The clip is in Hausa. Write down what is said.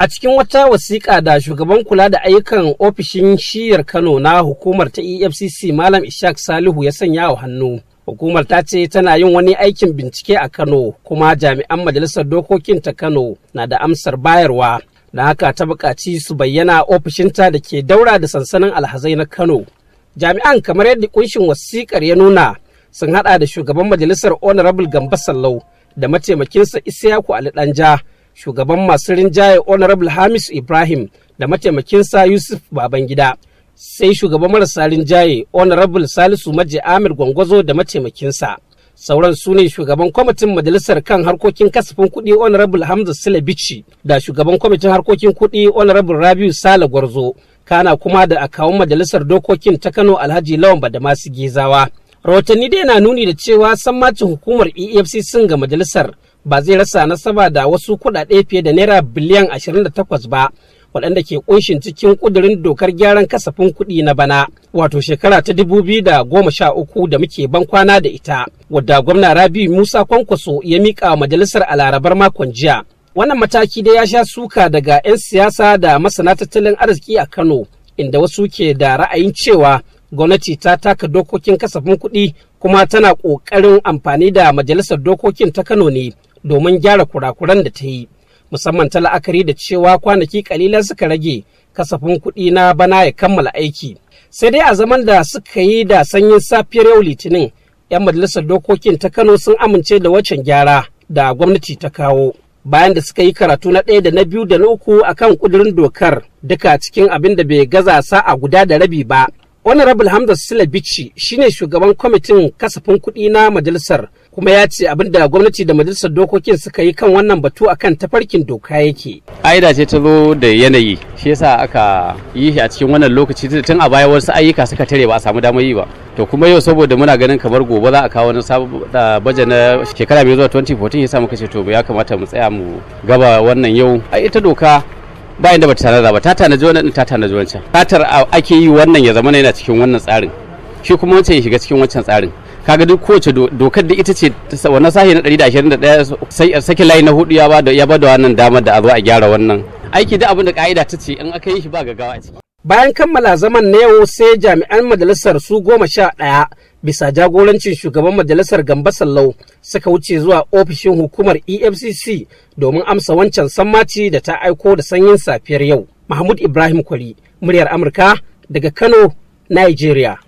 A cikin wata wasiƙa da shugaban kula da ayyukan ofishin shiyar Kano na hukumar ta EFCC Malam Ishaq Salihu ya sanya wa hannu. Hukumar ta ce tana yin wani aikin bincike a Kano kuma jami'an majalisar dokokin ta Kano na da amsar bayarwa. Da haka ta buƙaci su bayyana ofishinta da ke daura da sansanin alhazai na Kano. Jami'an kamar yadda kunshin wasiƙar ya nuna sun haɗa da shugaban majalisar Honorable Gamba Sallau da mataimakinsa Isiyaku Ali Danja shugaban masu rinjaye honorable hamis ibrahim da mataimakinsa yusuf babangida sai shugaban marasa rinjaye honorable salisu maji amir gwangwazo da mataimakinsa sauran su ne shugaban kwamitin majalisar kan harkokin kasafin kuɗi honorable hamza silabici da shugaban kwamitin harkokin kuɗi honorable rabiu sale gwarzo kana kuma da akawun majalisar dokokin ta kano alhaji da masu gizawa rahotanni dai na nuni da cewa sammacin hukumar efcc ga majalisar ba zai rasa nasaba da wasu kuɗaɗe fiye da naira biliyan 28 ba waɗanda ke kunshin cikin ƙudurin dokar gyaran kasafin kuɗi na bana wato shekara ta dubu biyu da goma sha uku da muke ban kwana da ita wadda gwamna rabi musa kwankwaso ya miƙa majalisar a larabar makon jiya wannan mataki dai ya sha suka daga 'yan siyasa da masana tattalin arziki a kano inda wasu ke da ra'ayin cewa gwamnati ta taka dokokin kasafin kuɗi kuma tana ƙoƙarin amfani da majalisar dokokin ta kano ne domin gyara kurakuran da ta yi musamman ta la'akari da cewa kwanaki kalilan suka rage kasafin kuɗi na bana ya kammala aiki sai dai a zaman da suka yi da sanyin safiyar yau litinin 'yan majalisar dokokin ta kano sun amince da waccan gyara da gwamnati ta kawo bayan da suka yi karatu na ɗaya da na biyu da na uku a kan ƙudurin dokar duka cikin abin da bai gaza sa a guda da rabi ba honorable hamza sila shi shine shugaban kwamitin kasafin kuɗi na majalisar kuma ya ce abin da gwamnati da majalisar dokokin suka yi kan wannan batu akan tafarkin doka yake. Aida ce ta zo da yanayi shi yasa aka yi shi a cikin wannan lokaci tun a baya wasu ayyuka suka tare ba a samu damar yi ba. To kuma yau saboda muna ganin kamar gobe za a kawo wani sabon baje na shekara mai zuwa 2014 yasa muka ce to ya kamata mu tsaya mu gaba wannan yau. A ita doka ba inda bata tanada ba ta tanaji wannan ta tanaji wancan. Fatar ake yi wannan ya zama yana cikin wannan tsarin. Shi kuma wancan ya shiga cikin wancan tsarin. kaga duk kowace dokar da ita ce wannan sahi na 121 sake layi na hudu ya ba ya wannan damar da a zo a gyara wannan aiki da abin da ka'ida ta ce in aka yi shi ba ga a ciki bayan kammala zaman na yau sai jami'an majalisar su goma sha ɗaya bisa jagorancin shugaban majalisar gamba sallau suka wuce zuwa ofishin hukumar efcc domin amsa wancan sammaci da ta aiko da sanyin safiyar yau mahmud ibrahim kwari muryar amurka daga kano nigeria